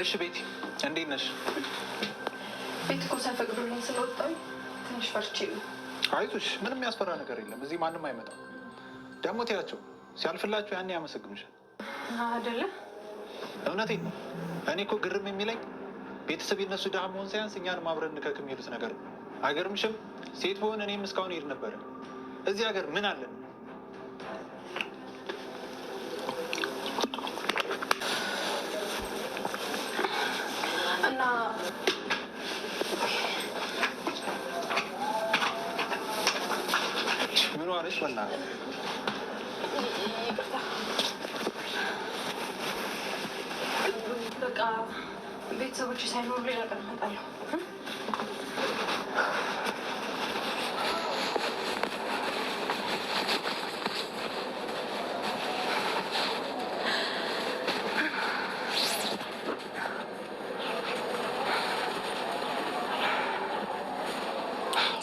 እሺ ቤቲ እንዴት ነሽ? ቤት እኮ ሳይፈቅዱልኝ ስለወጣሁኝ ትንሽ ፈርቼ ነው። አይዞሽ ምንም የሚያስፈራ ነገር የለም። እዚህ ማንም አይመጣም። ደግሞ ትያቸው ሲያልፍላቸው ያኔ ያመሰግምሻል። አይደለም እውነቴን ነው። እኔ እኮ ግርም የሚለኝ ቤተሰብ የነሱ ድሃ መሆን ሳያንስ እኛንም አብረን ንከክ የሚሉት ነገር ነው። አይገርምሽም? ሴት በሆን እኔም እስካሁን ሄድ ነበረ። እዚህ ሀገር ምን አለን schon lange. በቃ ቤተሰቦች ሳይኖሩ ሌላ ቀን እመጣለሁ።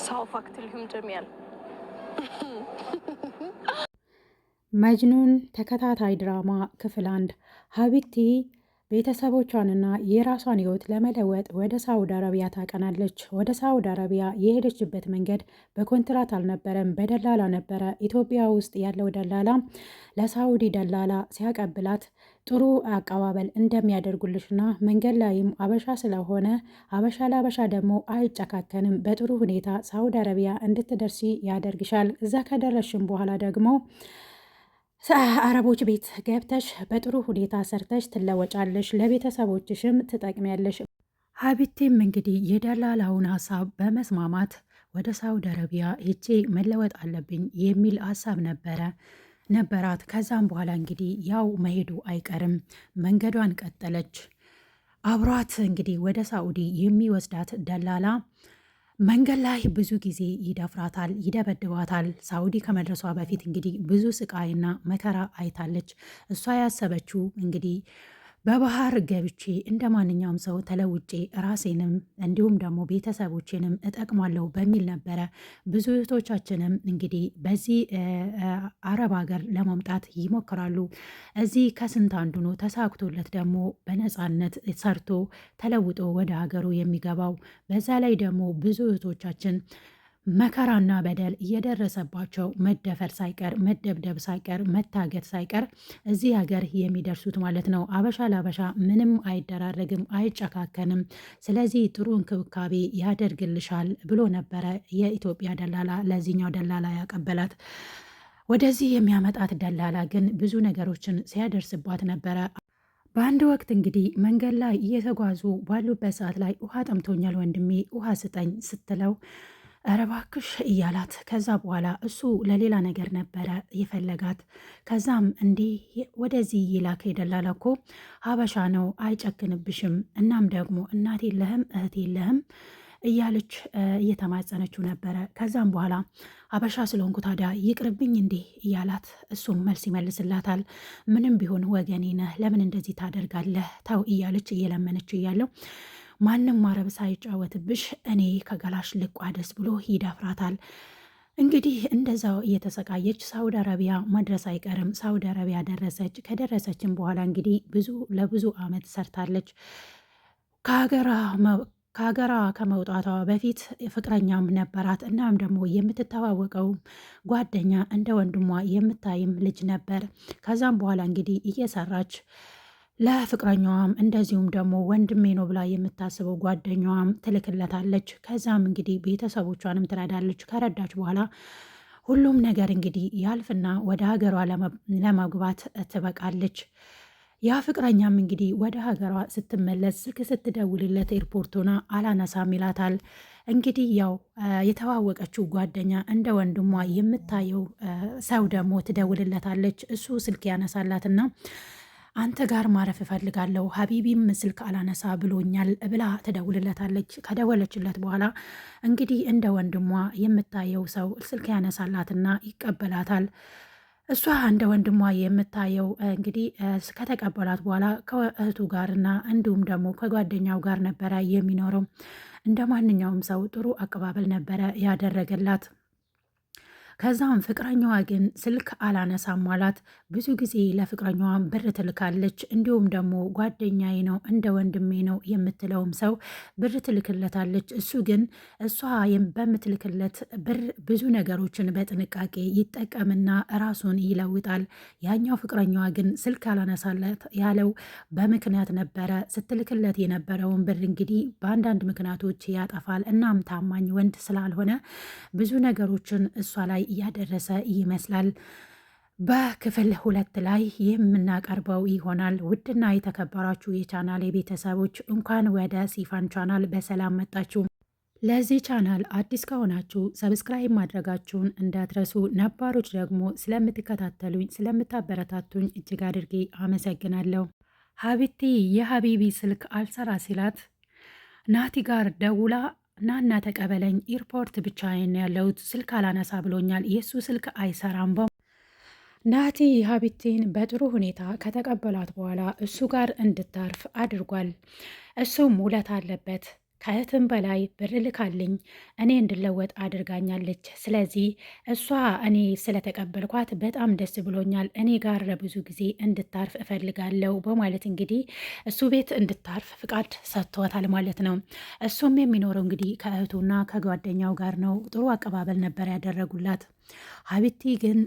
ሰው ፋክት ሊሆን ጀሚያል መጅኑን ተከታታይ ድራማ ክፍል አንድ ሀቢቲ ቤተሰቦቿንና የራሷን ህይወት ለመለወጥ ወደ ሳውዲ አረቢያ ታቀናለች። ወደ ሳውዲ አረቢያ የሄደችበት መንገድ በኮንትራት አልነበረም፣ በደላላ ነበረ። ኢትዮጵያ ውስጥ ያለው ደላላ ለሳውዲ ደላላ ሲያቀብላት ጥሩ አቀባበል እንደሚያደርጉልሽና መንገድ ላይም አበሻ ስለሆነ አበሻ ለአበሻ ደግሞ አይጨካከንም፣ በጥሩ ሁኔታ ሳውዲ አረቢያ እንድትደርሲ ያደርግሻል። እዛ ከደረስሽም በኋላ ደግሞ አረቦች ቤት ገብተሽ በጥሩ ሁኔታ ሰርተሽ ትለወጫለሽ፣ ለቤተሰቦችሽም ትጠቅሚያለሽ። ሀቢቴም እንግዲህ የደላላውን ሀሳብ በመስማማት ወደ ሳውዲ አረቢያ ሄጄ መለወጥ አለብኝ የሚል ሀሳብ ነበረ ነበራት። ከዛም በኋላ እንግዲህ ያው መሄዱ አይቀርም መንገዷን ቀጠለች። አብሯት እንግዲህ ወደ ሳኡዲ የሚወስዳት ደላላ መንገድ ላይ ብዙ ጊዜ ይደፍራታል፣ ይደበድባታል። ሳውዲ ከመድረሷ በፊት እንግዲህ ብዙ ስቃይና መከራ አይታለች። እሷ ያሰበችው እንግዲህ በባህር ገብቼ እንደ ማንኛውም ሰው ተለውጬ ራሴንም እንዲሁም ደግሞ ቤተሰቦቼንም እጠቅማለሁ በሚል ነበረ። ብዙ እህቶቻችንም እንግዲህ በዚህ አረብ ሀገር ለመምጣት ይሞክራሉ። እዚህ ከስንት አንዱ ነው ተሳክቶለት ደግሞ በነፃነት ሰርቶ ተለውጦ ወደ ሀገሩ የሚገባው። በዛ ላይ ደግሞ ብዙ እህቶቻችን መከራና በደል እየደረሰባቸው መደፈር ሳይቀር መደብደብ ሳይቀር መታገት ሳይቀር እዚህ ሀገር የሚደርሱት ማለት ነው። አበሻ ለአበሻ ምንም አይደራረግም፣ አይጨካከንም። ስለዚህ ጥሩ እንክብካቤ ያደርግልሻል ብሎ ነበረ የኢትዮጵያ ደላላ ለዚህኛው ደላላ ያቀበላት። ወደዚህ የሚያመጣት ደላላ ግን ብዙ ነገሮችን ሲያደርስባት ነበረ። በአንድ ወቅት እንግዲህ መንገድ ላይ እየተጓዙ ባሉበት ሰዓት ላይ ውሃ ጠምቶኛል ወንድሜ ውሃ ስጠኝ ስትለው እባክሽ እያላት ከዛ በኋላ እሱ ለሌላ ነገር ነበረ የፈለጋት። ከዛም እንዲህ ወደዚህ ይላክ የደላላ እኮ ሀበሻ ነው አይጨክንብሽም። እናም ደግሞ እናት የለህም እህት የለህም እያለች እየተማጸነችው ነበረ። ከዛም በኋላ አበሻ ስለሆንኩ ታዲያ ይቅርብኝ እንዲህ እያላት እሱም መልስ ይመልስላታል። ምንም ቢሆን ወገኔ ነህ፣ ለምን እንደዚህ ታደርጋለህ? ተው እያለች እየለመነች እያለው ማንም ማረብ ሳይጫወትብሽ እኔ ከገላሽ ልቋደስ ብሎ ይዳፍራታል። እንግዲህ እንደዛው እየተሰቃየች ሳውዲ አረቢያ መድረስ አይቀርም። ሳውዲ አረቢያ ደረሰች። ከደረሰችን በኋላ እንግዲህ ብዙ ለብዙ ዓመት ሰርታለች። ከሀገራ ከሀገራ ከመውጣቷ በፊት ፍቅረኛም ነበራት። እናም ደግሞ የምትተዋወቀው ጓደኛ እንደ ወንድሟ የምታይም ልጅ ነበር። ከዛም በኋላ እንግዲህ እየሰራች ለፍቅረኛዋም እንደዚሁም ደግሞ ወንድሜ ነው ብላ የምታስበው ጓደኛዋም ትልክለታለች። ከዛም እንግዲህ ቤተሰቦቿንም ትረዳለች። ከረዳች በኋላ ሁሉም ነገር እንግዲህ ያልፍና ወደ ሀገሯ ለመግባት ትበቃለች። ያ ፍቅረኛም እንግዲህ ወደ ሀገሯ ስትመለስ ስልክ ስትደውልለት ኤርፖርቱና አላነሳም ይላታል። እንግዲህ ያው የተዋወቀችው ጓደኛ እንደ ወንድሟ የምታየው ሰው ደግሞ ትደውልለታለች። እሱ ስልክ ያነሳላትና አንተ ጋር ማረፍ እፈልጋለሁ፣ ሀቢቢም ስልክ አላነሳ ብሎኛል ብላ ትደውልለታለች። ከደወለችለት በኋላ እንግዲህ እንደ ወንድሟ የምታየው ሰው ስልክ ያነሳላትና ይቀበላታል። እሷ እንደ ወንድሟ የምታየው እንግዲህ ከተቀበላት በኋላ ከእህቱ ጋርና እንዲሁም ደግሞ ከጓደኛው ጋር ነበረ የሚኖረው። እንደ ማንኛውም ሰው ጥሩ አቀባበል ነበረ ያደረገላት። ከዛም ፍቅረኛዋ ግን ስልክ አላነሳም አላት። ብዙ ጊዜ ለፍቅረኛዋ ብር ትልካለች። እንዲሁም ደግሞ ጓደኛዬ ነው እንደ ወንድሜ ነው የምትለውም ሰው ብር ትልክለታለች። እሱ ግን እሷ በምትልክለት ብር ብዙ ነገሮችን በጥንቃቄ ይጠቀምና ራሱን ይለውጣል። ያኛው ፍቅረኛዋ ግን ስልክ አላነሳለት ያለው በምክንያት ነበረ። ስትልክለት የነበረውን ብር እንግዲህ በአንዳንድ ምክንያቶች ያጠፋል። እናም ታማኝ ወንድ ስላልሆነ ብዙ ነገሮችን እሷ ላይ እያደረሰ ይመስላል። በክፍል ሁለት ላይ የምናቀርበው ይሆናል። ውድና የተከበራችሁ የቻናል የቤተሰቦች እንኳን ወደ ሲፋን ቻናል በሰላም መጣችሁ። ለዚህ ቻናል አዲስ ከሆናችሁ ሰብስክራይብ ማድረጋችሁን እንዳትረሱ፣ ነባሮች ደግሞ ስለምትከታተሉኝ ስለምታበረታቱኝ እጅግ አድርጌ አመሰግናለሁ። ሀቢቲ የሀቢቢ ስልክ አልሰራ ሲላት ናቲ ጋር ደውላ ናና ተቀበለኝ፣ ኤርፖርት ብቻዬን ያለሁት ስልክ አላነሳ ብሎኛል፣ የእሱ ስልክ አይሰራም። ናቲ ሀቢቲን በጥሩ ሁኔታ ከተቀበሏት በኋላ እሱ ጋር እንድታርፍ አድርጓል። እሱም ውለት አለበት። ከእህትም በላይ ብር ልካልኝ እኔ እንድለወጥ አድርጋኛለች። ስለዚህ እሷ እኔ ስለተቀበልኳት በጣም ደስ ብሎኛል። እኔ ጋር ለብዙ ጊዜ እንድታርፍ እፈልጋለሁ በማለት እንግዲህ እሱ ቤት እንድታርፍ ፍቃድ ሰጥቶታል ማለት ነው። እሱም የሚኖረው እንግዲህ ከእህቱና ከጓደኛው ጋር ነው። ጥሩ አቀባበል ነበር ያደረጉላት። ሀቢቲ ግን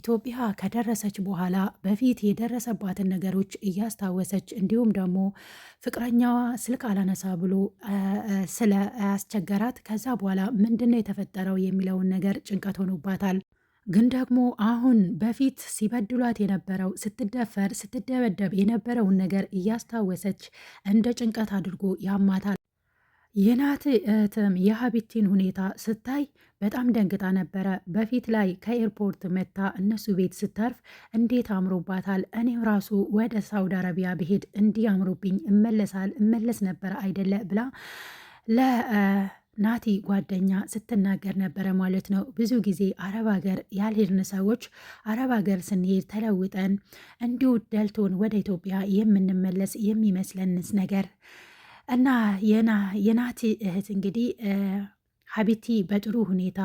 ኢትዮጵያ ከደረሰች በኋላ በፊት የደረሰባትን ነገሮች እያስታወሰች እንዲሁም ደግሞ ፍቅረኛዋ ስልክ አላነሳ ብሎ ስለ አስቸገራት ከዛ በኋላ ምንድነው የተፈጠረው የሚለውን ነገር ጭንቀት ሆኖባታል። ግን ደግሞ አሁን በፊት ሲበድሏት የነበረው ስትደፈር ስትደበደብ የነበረውን ነገር እያስታወሰች እንደ ጭንቀት አድርጎ ያማታል። የናት እህትም የሀቢቲን ሁኔታ ስታይ በጣም ደንግጣ ነበረ። በፊት ላይ ከኤርፖርት መታ እነሱ ቤት ስታርፍ እንዴት አምሮባታል፣ እኔም ራሱ ወደ ሳውዲ አረቢያ ብሄድ እንዲህ አምሮብኝ እመለሳል እመለስ ነበረ አይደለ ብላ ናቲ ጓደኛ ስትናገር ነበረ ማለት ነው። ብዙ ጊዜ አረብ ሀገር ያልሄድን ሰዎች አረብ ሀገር ስንሄድ ተለውጠን እንዲሁ ደልቶን ወደ ኢትዮጵያ የምንመለስ የሚመስለንስ ነገር እና የናቲ እህት እንግዲህ ሀቢቲ በጥሩ ሁኔታ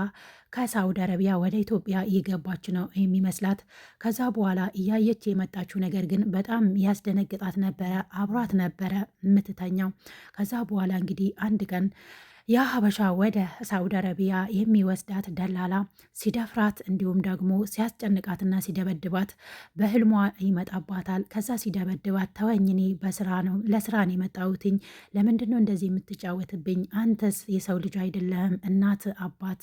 ከሳውዲ አረቢያ ወደ ኢትዮጵያ እየገባች ነው የሚመስላት። ከዛ በኋላ እያየች የመጣችው ነገር ግን በጣም ያስደነግጣት ነበረ። አብሯት ነበረ የምትተኛው። ከዛ በኋላ እንግዲህ አንድ ቀን የሀበሻ ወደ ሳውዲ አረቢያ የሚወስዳት ደላላ ሲደፍራት እንዲሁም ደግሞ ሲያስጨንቃትና ሲደበድባት በህልሟ ይመጣባታል። ከዛ ሲደበድባት ተወኝኔ በስራ ነው ለስራ ነው የመጣሁትኝ። ለምንድን ነው እንደዚህ የምትጫወትብኝ? አንተስ የሰው ልጅ አይደለህም? እናት አባት፣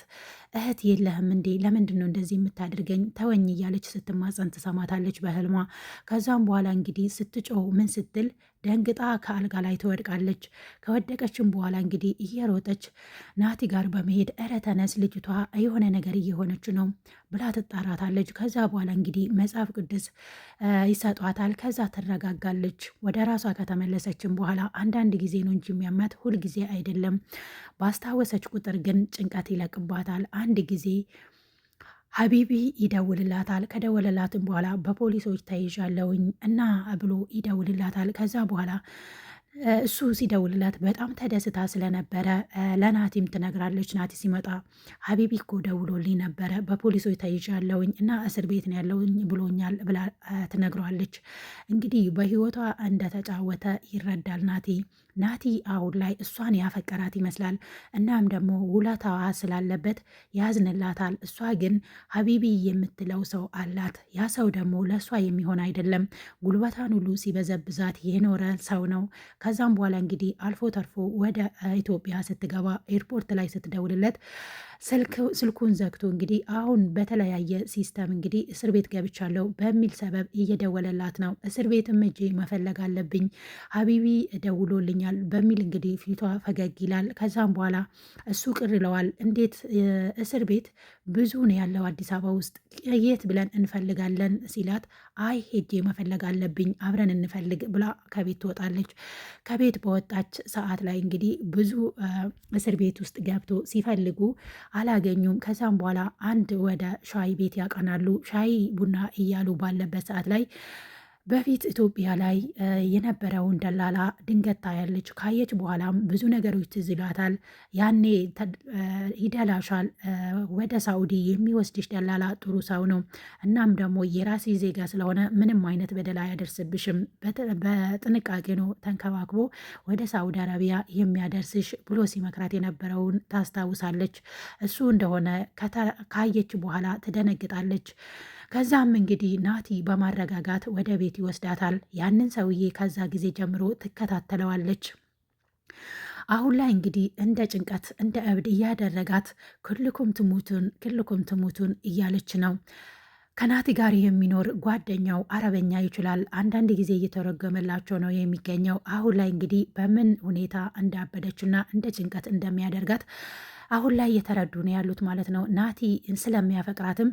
እህት የለህም እንዴ? ለምንድን ነው እንደዚህ የምታደርገኝ? ተወኝ እያለች ስትማጸን ትሰማታለች በህልሟ። ከዛም በኋላ እንግዲህ ስትጮው ምን ስትል ደንግጣ ከአልጋ ላይ ትወድቃለች። ከወደቀችም በኋላ እንግዲህ እየሮጠች ናቲ ጋር በመሄድ እረ ተነስ፣ ልጅቷ የሆነ ነገር እየሆነች ነው ብላ ትጣራታለች። ከዛ በኋላ እንግዲህ መጽሐፍ ቅዱስ ይሰጧታል። ከዛ ትረጋጋለች። ወደ ራሷ ከተመለሰችም በኋላ አንዳንድ ጊዜ ነው እንጂ የሚያማት ሁልጊዜ አይደለም። ባስታወሰች ቁጥር ግን ጭንቀት ይለቅባታል። አንድ ጊዜ ሀቢቢ ይደውልላታል። ከደወልላትም በኋላ በፖሊሶች ተይዣለውኝ እና ብሎ ይደውልላታል። ከዛ በኋላ እሱ ሲደውልላት በጣም ተደስታ ስለነበረ ለናቲም ትነግራለች። ናቲ ሲመጣ ሀቢቢ እኮ ደውሎልኝ ነበረ በፖሊሶች ተይዣለውኝ እና እስር ቤት ነው ያለውኝ ብሎኛል ብላ ትነግሯለች። እንግዲህ በህይወቷ እንደተጫወተ ይረዳል ናቲ ናቲ አሁን ላይ እሷን ያፈቀራት ይመስላል። እናም ደግሞ ውለታዋ ስላለበት ያዝንላታል። እሷ ግን ሀቢቢ የምትለው ሰው አላት። ያ ሰው ደግሞ ለእሷ የሚሆን አይደለም። ጉልበታን ሁሉ ሲበዘብዛት የኖረ ሰው ነው። ከዛም በኋላ እንግዲህ አልፎ ተርፎ ወደ ኢትዮጵያ ስትገባ ኤርፖርት ላይ ስትደውልለት ስልኩን ዘግቶ እንግዲህ አሁን በተለያየ ሲስተም እንግዲህ እስር ቤት ገብቻለሁ በሚል ሰበብ እየደወለላት ነው። እስር ቤትም እጄ መፈለግ አለብኝ ሀቢቢ ደውሎልኛል ይገኛል በሚል እንግዲህ ፊቷ ፈገግ ይላል። ከዛም በኋላ እሱ ቅር ይለዋል። እንዴት እስር ቤት ብዙ ነው ያለው አዲስ አበባ ውስጥ የት ብለን እንፈልጋለን ሲላት፣ አይ ሄጄ መፈለግ አለብኝ አብረን እንፈልግ ብላ ከቤት ትወጣለች። ከቤት በወጣች ሰዓት ላይ እንግዲህ ብዙ እስር ቤት ውስጥ ገብቶ ሲፈልጉ አላገኙም። ከዛም በኋላ አንድ ወደ ሻይ ቤት ያቀናሉ። ሻይ ቡና እያሉ ባለበት ሰዓት ላይ በፊት ኢትዮጵያ ላይ የነበረውን ደላላ ድንገት ታያለች። ካየች በኋላም ብዙ ነገሮች ትዝ ይላታል። ያኔ ይደላሻል። ወደ ሳውዲ የሚወስድሽ ደላላ ጥሩ ሰው ነው። እናም ደግሞ የራሴ ዜጋ ስለሆነ ምንም አይነት በደል አያደርስብሽም። በጥንቃቄ ነው ተንከባክቦ ወደ ሳውዲ አረቢያ የሚያደርስሽ ብሎ ሲመክራት የነበረውን ታስታውሳለች። እሱ እንደሆነ ካየች በኋላ ትደነግጣለች። ከዛም እንግዲህ ናቲ በማረጋጋት ወደ ቤት ይወስዳታል። ያንን ሰውዬ ከዛ ጊዜ ጀምሮ ትከታተለዋለች። አሁን ላይ እንግዲህ እንደ ጭንቀት እንደ እብድ እያደረጋት ክልኩም ትሙቱን ክልኩም ትሙቱን እያለች ነው። ከናቲ ጋር የሚኖር ጓደኛው አረበኛ ይችላል። አንዳንድ ጊዜ እየተረገመላቸው ነው የሚገኘው። አሁን ላይ እንግዲህ በምን ሁኔታ እንዳበደችና እንደ ጭንቀት እንደሚያደርጋት አሁን ላይ እየተረዱ ነው ያሉት ማለት ነው። ናቲ ስለሚያፈቅራትም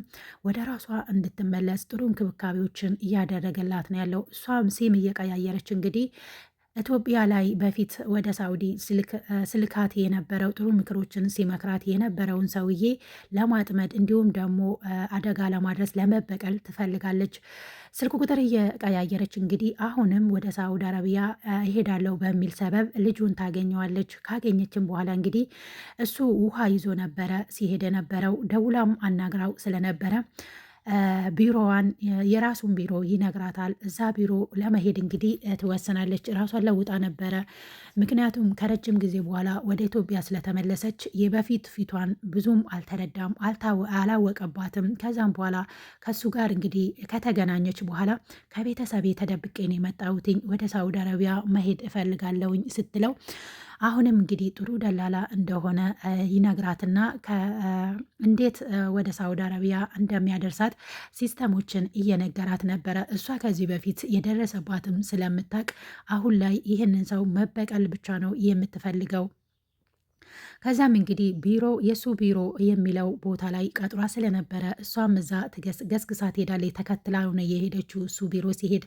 ወደ ራሷ እንድትመለስ ጥሩ እንክብካቤዎችን እያደረገላት ነው ያለው። እሷም ሲም እየቀያየረች እንግዲህ ኢትዮጵያ ላይ በፊት ወደ ሳውዲ ስልካት የነበረው ጥሩ ምክሮችን ሲመክራት የነበረውን ሰውዬ ለማጥመድ እንዲሁም ደግሞ አደጋ ለማድረስ ለመበቀል ትፈልጋለች። ስልክ ቁጥር እየቀያየረች እንግዲህ አሁንም ወደ ሳውዲ አረቢያ እሄዳለሁ በሚል ሰበብ ልጁን ታገኘዋለች። ካገኘችም በኋላ እንግዲህ እሱ ውሃ ይዞ ነበረ ሲሄድ የነበረው ደውላም አናግራው ስለነበረ ቢሮዋን የራሱን ቢሮ ይነግራታል። እዛ ቢሮ ለመሄድ እንግዲህ ትወሰናለች ራሷን ለውጣ ነበረ። ምክንያቱም ከረጅም ጊዜ በኋላ ወደ ኢትዮጵያ ስለተመለሰች የበፊት ፊቷን ብዙም አልተረዳም፣ አላወቀባትም። ከዛም በኋላ ከሱ ጋር እንግዲህ ከተገናኘች በኋላ ከቤተሰቤ ተደብቄ ነው የመጣሁት ወደ ሳውዲ አረቢያ መሄድ እፈልጋለሁኝ ስትለው አሁንም እንግዲህ ጥሩ ደላላ እንደሆነ ይነግራትና እንዴት ወደ ሳውዲ አረቢያ እንደሚያደርሳት ሲስተሞችን እየነገራት ነበረ። እሷ ከዚህ በፊት የደረሰባትም ስለምታውቅ አሁን ላይ ይህንን ሰው መበቀል ብቻ ነው የምትፈልገው። ከዛም እንግዲህ ቢሮ የእሱ ቢሮ የሚለው ቦታ ላይ ቀጥሯ ስለነበረ እሷም እዛ ገስግሳ ትሄዳለች። ተከትላ ሆነ የሄደችው እሱ ቢሮ ሲሄድ፣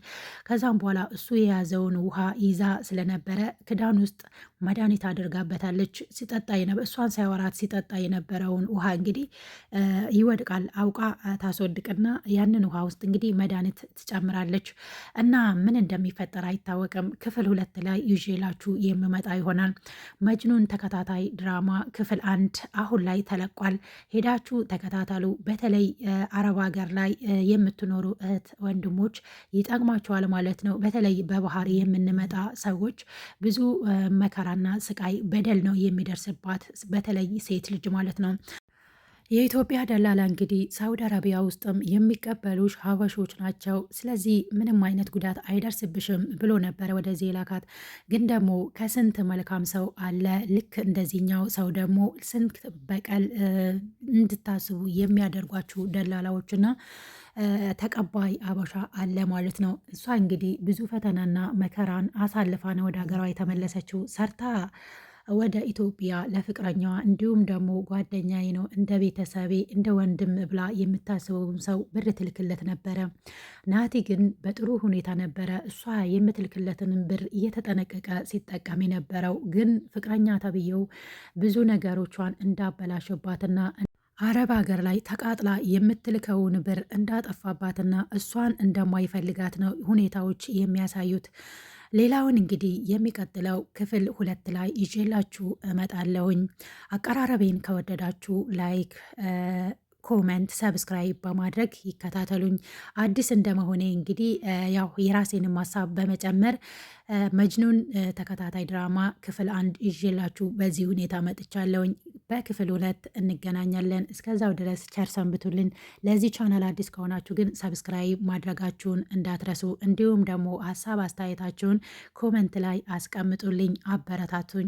ከዛም በኋላ እሱ የያዘውን ውሃ ይዛ ስለነበረ ክዳን ውስጥ መድኃኒት አድርጋበታለች። ሲጠጣ እሷን ሳይወራት ሲጠጣ የነበረውን ውሃ እንግዲህ ይወድቃል። አውቃ ታስወድቅና ያንን ውሃ ውስጥ እንግዲህ መድኃኒት ትጨምራለች እና ምን እንደሚፈጠር አይታወቅም። ክፍል ሁለት ላይ ይዤላችሁ የምመጣ ይሆናል። መጅኑን ተከታታይ ድራማ ክፍል አንድ አሁን ላይ ተለቋል። ሄዳችሁ ተከታተሉ። በተለይ አረብ ሀገር ላይ የምትኖሩ እህት ወንድሞች ይጠቅማችኋል ማለት ነው። በተለይ በባህር የምንመጣ ሰዎች ብዙ መከራና ስቃይ፣ በደል ነው የሚደርስባት በተለይ ሴት ልጅ ማለት ነው። የኢትዮጵያ ደላላ እንግዲህ ሳውዲ አረቢያ ውስጥም የሚቀበሉሽ ሀበሾች ናቸው፣ ስለዚህ ምንም አይነት ጉዳት አይደርስብሽም ብሎ ነበረ ወደዚህ የላካት። ግን ደግሞ ከስንት መልካም ሰው አለ ልክ እንደዚህኛው ሰው ደግሞ ስንት በቀል እንድታስቡ የሚያደርጓችሁ ደላላዎችና ተቀባይ አበሻ አለ ማለት ነው። እሷ እንግዲህ ብዙ ፈተናና መከራን አሳልፋ ነው ወደ ሀገሯ የተመለሰችው ሰርታ ወደ ኢትዮጵያ ለፍቅረኛዋ እንዲሁም ደግሞ ጓደኛዬ ነው እንደ ቤተሰቤ እንደ ወንድም ብላ የምታስበውን ሰው ብር ትልክለት ነበረ። ናቲ ግን በጥሩ ሁኔታ ነበረ እሷ የምትልክለትንም ብር እየተጠነቀቀ ሲጠቀም የነበረው። ግን ፍቅረኛ ተብዬው ብዙ ነገሮቿን እንዳበላሸባትና አረብ ሀገር ላይ ተቃጥላ የምትልከውን ብር እንዳጠፋባትና እሷን እንደማይፈልጋት ነው ሁኔታዎች የሚያሳዩት። ሌላውን እንግዲህ የሚቀጥለው ክፍል ሁለት ላይ ይዤላችሁ እመጣለሁኝ። አቀራረቤን ከወደዳችሁ ላይክ ኮመንት፣ ሰብስክራይብ በማድረግ ይከታተሉኝ። አዲስ እንደመሆኔ እንግዲህ ያው የራሴንም ሀሳብ በመጨመር መጅኑን ተከታታይ ድራማ ክፍል አንድ ይዤላችሁ በዚህ ሁኔታ መጥቻለውኝ። በክፍል ሁለት እንገናኛለን። እስከዛው ድረስ ቸር ሰንብቱልን። ለዚህ ቻናል አዲስ ከሆናችሁ ግን ሰብስክራይብ ማድረጋችሁን እንዳትረሱ፣ እንዲሁም ደግሞ ሀሳብ አስተያየታችሁን ኮመንት ላይ አስቀምጡልኝ፣ አበረታቱኝ።